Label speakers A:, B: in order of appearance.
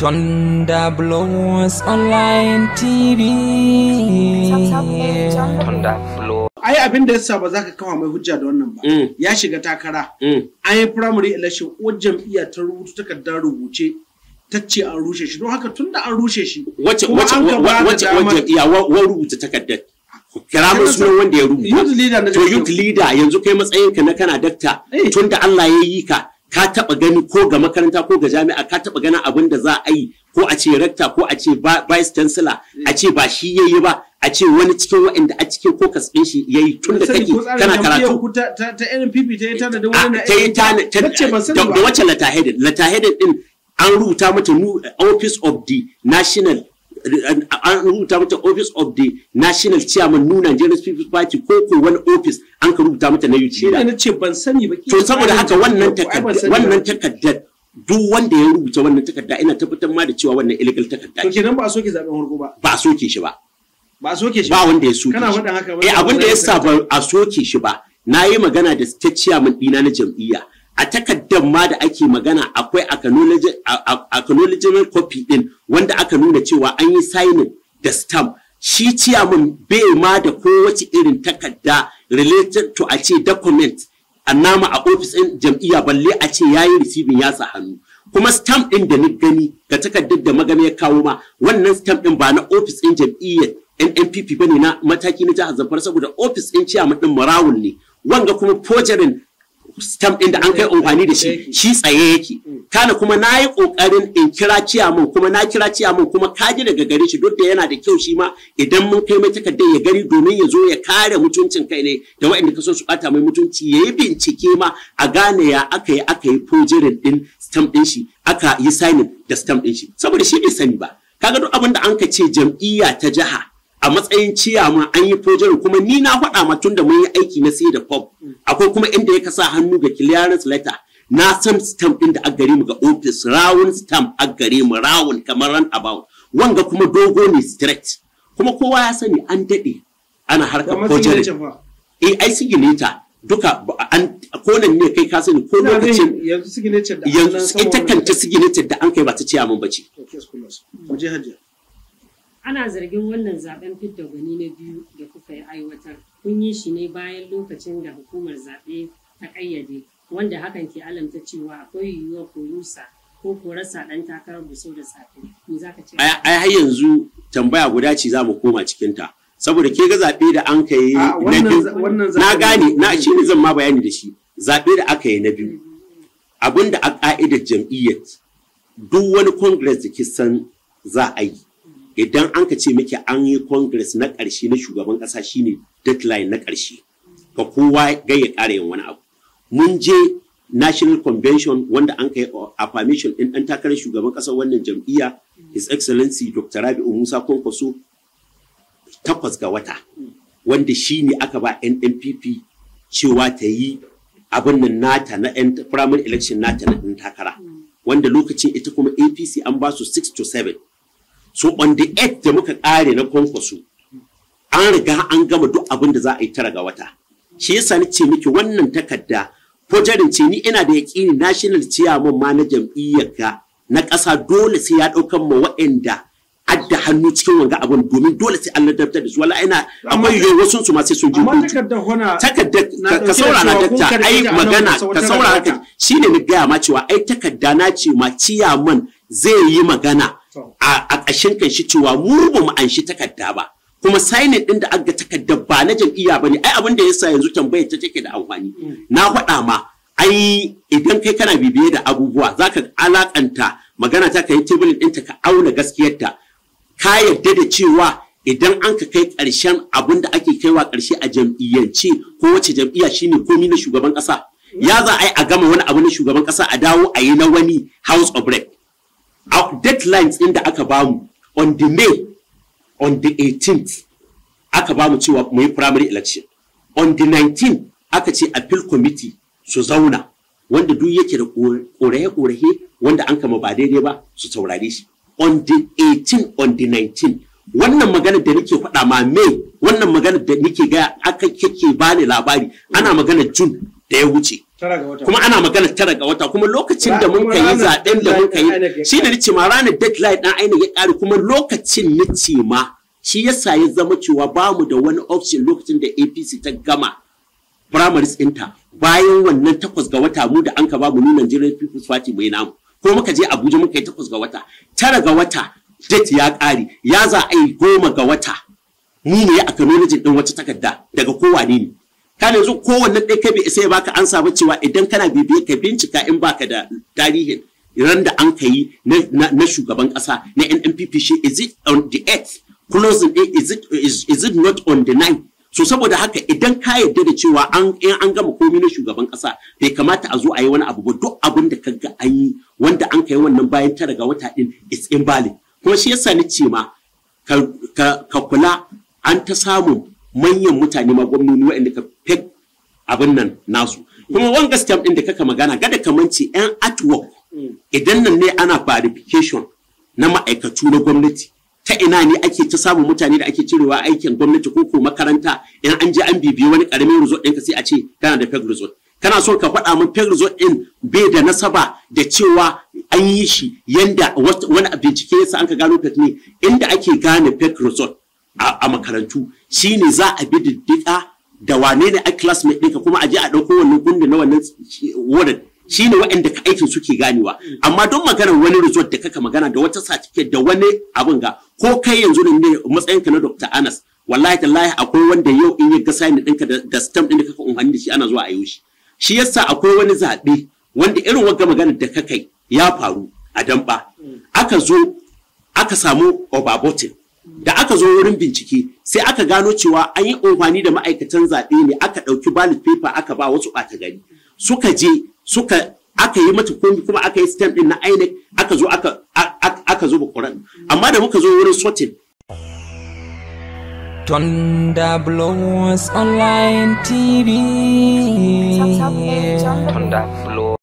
A: Thunder Blows Online TV. Thunder Blows. Ai abin da yasa ba za ka kama mai hujja da wannan ba. Mm. Ya shiga takara. Mm. An yi primary election ko jam'iyya ta rubutu takardar rubuce ta ce an rushe shi. Don haka tun da an rushe shi. Wace wace wace iya wa rubuta takardar. kira mun sunan wanda ya rubuta. leader na To youth leader yanzu kai matsayinka na kana dakta eh. tun da Allah ya yi ka ka taɓa gani ko ga makaranta ko ga jami'a ka taɓa ganin abin da za a yi ko a ce rekta ko a ce vice chancellor a ce ba shi yayi ba a ce wani cikin waɗanda a cikin ko kasbin shi yayi tun da kake kana karatu ta NPP ta yi tana da wani ta yi tana da wacce latahedin latahedin din an rubuta mata new office of the national an rubuta mata office of the national chairman New Nigerian People's Party ko ko wani office an ka rubuta mata na yuci shi ne ce ban sani ba to saboda haka wannan takaddar wannan takaddar duk wanda ya rubuta wannan takarda ina tabbatar ma da cewa wannan illegal takarda to kenan ba a soke zaben harko ba ba a soke shi ba ba so ke shi ba wanda ya so kana faɗin haka ba eh abin da ya sa ba a soke shi ba na yi magana da state chairman dina na jam'iyya a takardar ma da ake magana akwai acknowledgement copy din wanda aka nuna cewa an yi signing da stamp shi ciyaman bai ma da kowace irin takarda related to a ce document a nama a ofis ɗin jam'iyya balle a ce yayi receiving ya sa hannu kuma stamp ɗin da ni gani ga takardar da magana ya kawo ma wannan stamp ɗin ba na ofis ɗin jam'iyyar NNPP bane na mataki na jihar Zamfara saboda ofis ɗin ciyaman ɗin Marawul ne wanga kuma fojerin stamp ɗin da an kai amfani da shi shi tsaye yake mm. kana kuma na yi ƙoƙarin in kira ciyaman kuma na kira ciya ciyaman kuma ka ji daga gare shi duk da yana da kyau shi ma idan mun kai mai takardar ya gari domin ya zo ya kare mutuncin kai ne da waɗanda ka so su ɓata mai mutunci ya yi bincike ma a gane ya aka yi aka yi fojirin ɗin stamp ɗin shi aka yi signing da stamp ɗin shi saboda shi bai sani ba kaga duk abin da an ka ce jam'iyya ta jiha a matsayin ciyama an yi fojirin kuma ni na faɗa ma tun da mun yi aiki na sai da pop akwai kuma inda ya kasa hannu ga clearance letter na san stamp din da aggare mu ga office rawun stamp aggare mu rawun kamar ran about wanga kuma dogo ne straight kuma kowa ya sani an daɗe ana harkar fojirin eh ai signature duka an konan ne kai ka sani ko lokacin yanzu signature da ita kanta signature da an kai ba ta ciyaman bace ana zargin wannan zaben fidda gwani na biyu da kuka yi aiwatar kun yi shi ne bayan lokacin da hukumar zaɓe ta ƙayyade wanda hakan ke alamta cewa akwai yiwuwar rusa ko ko rasa ɗan takarar buso da safe ai har yanzu tambaya guda ce za mu koma cikinta saboda ke ga zaɓe da an ka yi na gane na shi ne zan ma bayani da shi zaɓe da aka yi na biyu abinda a ƙa'idar jam'iyyar duk wani congress da ke san za a yi idan an ka ce miki an yi congress na ƙarshe na shugaban ƙasa shine deadline na ƙarshe ka kowa ga ya ƙara yin wani abu mun je national convention wanda an kai affirmation din ɗan takarar shugaban ƙasar wannan jam'iyya his excellency dr rabi'u musa kwankwaso takwas ga wata wanda shine aka ba nnpp cewa ta yi abin nan nata na primary election nata na ɗan takara wanda lokacin ita kuma apc an ba su 6 to 7 so on the 8 da muka ƙare na kwankwaso an riga an gama duk abin da za a yi tara ga wata shi yasa ni ce miki wannan takarda fojarin ce ni ina da yaƙini national chairman ma na jam'iyyar ka na ƙasa dole sai ya ɗaukan ma waɗanda adda hannu cikin wanga abin domin dole sai an ladabtar da su wala ina amma yiwu wasu su ma sai sun ji kotu takarda ka saurara dakta ai magana ka saurara ka shine ni gaya ma cewa ai takarda na ce ma ciyaman zai yi magana a ƙashin kan shi cewa mu ba mu takarda ba kuma signing din da aka ga takarda ba na jam'iyya bane ai abin da yasa yanzu tambayar ta take da amfani mm. na faɗa ma ai idan kai kana bibiye da abubuwa zaka alakanta magana ta kai table ta ka auna gaskiyarta ka yarda da cewa idan an ka kai ƙarshen abin da ake kaiwa ƙarshe a jam'iyyance ko wace jam'iyya shine komi na shugaban ƙasa ya za a yi a gama wani abu na shugaban ƙasa a dawo a yi na wani house of rep deadlines ɗin da aka bamu on the May on the 18th aka bamu cewa mu yi primary election on the 19th aka ce appeal committee su zauna wanda duk yake da ƙorahe-ƙorahe wanda an kama ba daidai ba su saurare shi on the 18 on the 19 wannan magana da nake faɗa ma May wannan magana da nake ga aka kike bani labari ana magana june da ya wuce kuma ana magana tara ga wata kuma lokacin da mun yi zaɓen da mun yi shi da nice ma ranar deadline ɗan ainihin ya ƙare kuma lokacin nice ma shi yasa ya zama cewa ba mu da wani option lokacin da apc ta gama primaries ɗinta bayan wannan takwas ga wata mu da an ka ba mu nuna jiran people's party mai namu ko muka je abuja muka yi takwas ga wata tara ga wata date ya ƙare ya za a yi goma ga wata ni ne a kanonajin ɗin wata takarda daga kowane ne ka yanzu kowanne ɗaya kai bai isa ya baka ansa ba cewa idan kana bibiye ka bincika in baka da tarihin ran da an kai na shugaban ƙasa na NNPP shi is it on the earth, closing is it is, it not on the nine. so saboda haka idan ka yarda da cewa an in an gama komai na shugaban ƙasa bai kamata a zo a yi wani abu ba duk abin da ga an yi wanda an kai wannan bayan tara ga wata din it's invalid kuma shi yasa ni ce ma ka, ka kula an ta samun manyan mutane ma gwamnoni waɗanda ka fake abin nan nasu kuma wanga scam ɗin da kaka magana gada ce yan artwork idan nan ne ana verification na ma'aikatu na gwamnati ta ina ne ake ta samun mutane da ake cirewa aikin gwamnati ko ko makaranta Idan an je an bibiye wani karamin resort ka sai a ce kana da peg resort kana so ka faɗa min peg resort ɗin bai da nasaba da cewa an yi shi yanda wani bincike yasa an ka gano fake ne inda ake gane peg resort a makarantu shine za a bi diddiƙa da wane ne a mai ɗinka kuma a je a ɗauko wannan kundin na wannan wurin shi ne waɗanda ka aikin suke ganewa amma don maganar wani resort da kaka magana da wata certificate da wani abin ga ko kai yanzu ne matsayinka na Dr. Anas wallahi tallahi akwai wanda yau in ya ga ne ɗinka da stamp ɗin da kaka umarni da shi ana zuwa a yi shi shi yasa akwai wani zaɓe wanda irin wagga maganar da kakai ya faru a damba aka zo aka samu Obabotin da aka zo wurin bincike sai aka gano cewa an yi amfani da ma'aikatan zaɓe ne aka ɗauki ballot paper aka ba wasu ɓata gari suka je suka aka yi mata komi kuma aka yi stamp ɗin na INEC aka zo aka aka zo amma da muka zo wurin sorting Tonda blows online TV. Tonda blows.